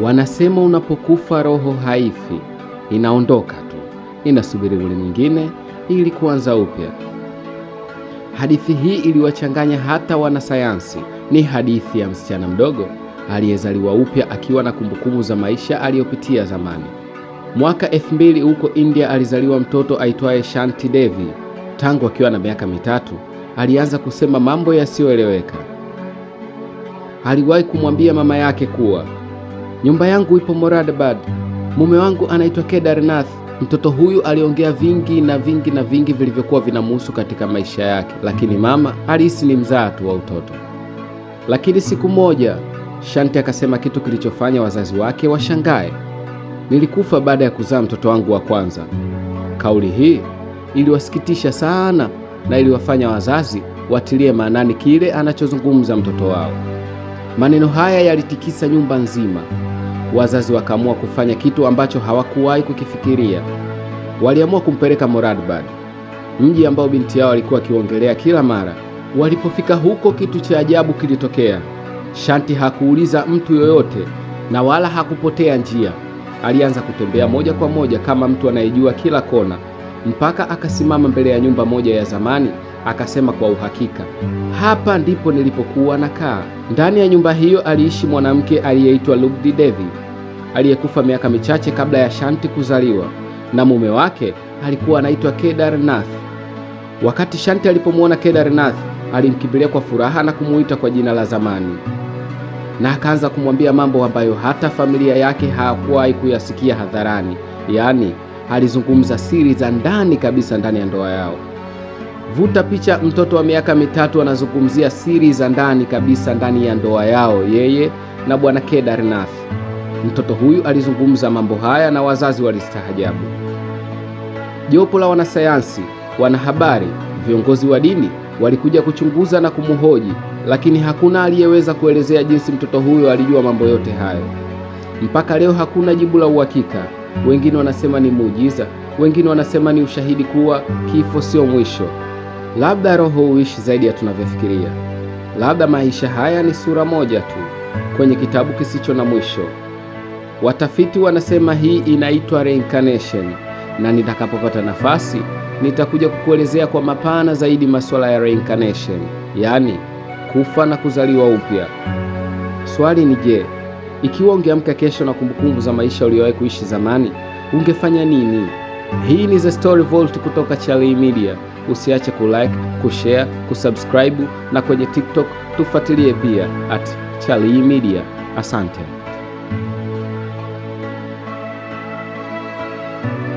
Wanasema unapokufa roho haifi, inaondoka tu, inasubiri mwili mwingine ili kuanza upya. Hadithi hii iliwachanganya hata wanasayansi. Ni hadithi ya msichana mdogo aliyezaliwa upya akiwa na kumbukumbu za maisha aliyopitia zamani. Mwaka mbili huko India alizaliwa mtoto aitwaye Shanti Devi. Tangu akiwa na miaka mitatu alianza kusema mambo yasiyoeleweka. Aliwahi kumwambia mama yake kuwa Nyumba yangu ipo Moradabad, mume wangu anaitwa Kedarnath. Mtoto huyu aliongea vingi na vingi na vingi vilivyokuwa vinamuhusu katika maisha yake, lakini mama alihisi ni mzaa tu wa utoto. Lakini siku moja Shanti akasema kitu kilichofanya wazazi wake washangae. Nilikufa baada ya kuzaa mtoto wangu wa kwanza. Kauli hii iliwasikitisha sana na iliwafanya wazazi watilie maanani kile anachozungumza mtoto wao. Maneno haya yalitikisa nyumba nzima. Wazazi wakaamua kufanya kitu ambacho hawakuwahi kukifikiria. Waliamua kumpeleka Moradbad, mji ambao binti yao alikuwa akiongelea kila mara. Walipofika huko, kitu cha ajabu kilitokea. Shanti hakuuliza mtu yoyote na wala hakupotea njia. Alianza kutembea moja kwa moja kama mtu anayejua kila kona, mpaka akasimama mbele ya nyumba moja ya zamani. Akasema kwa uhakika, hapa ndipo nilipokuwa nakaa. Ndani ya nyumba hiyo aliishi mwanamke aliyeitwa Lugdi Devi aliyekufa miaka michache kabla ya Shanti kuzaliwa na mume wake alikuwa anaitwa Kedar Nath. Wakati Shanti alipomwona Kedar Nath, alimkimbilia kwa furaha na kumuita kwa jina la zamani na akaanza kumwambia mambo ambayo hata familia yake hakuwahi kuyasikia hadharani. Yaani, alizungumza siri za ndani kabisa ndani ya ndoa yao. Vuta picha, mtoto wa miaka mitatu anazungumzia siri za ndani kabisa ndani ya ndoa yao, yeye na bwana Kedar Nath. Mtoto huyu alizungumza mambo haya na wazazi walistaajabu. Jopo la wanasayansi, wanahabari, viongozi wa dini walikuja kuchunguza na kumuhoji lakini hakuna aliyeweza kuelezea jinsi mtoto huyo alijua mambo yote hayo. Mpaka leo hakuna jibu la uhakika. Wengine wanasema ni muujiza, wengine wanasema ni ushahidi kuwa kifo sio mwisho. Labda roho huishi zaidi ya tunavyofikiria. Labda maisha haya ni sura moja tu kwenye kitabu kisicho na mwisho. Watafiti wanasema hii inaitwa reincarnation, na nitakapopata nafasi nitakuja kukuelezea kwa mapana zaidi masuala ya reincarnation, yaani kufa na kuzaliwa upya. Swali ni je, ikiwa ungeamka kesho na kumbukumbu za maisha uliyowahi kuishi zamani, ungefanya nini? Hii ni The Story Vault kutoka Chali Media. Usiache kulike, kushare, kusubscribe na kwenye TikTok tufuatilie pia at Chali Media. Asante. Thank you.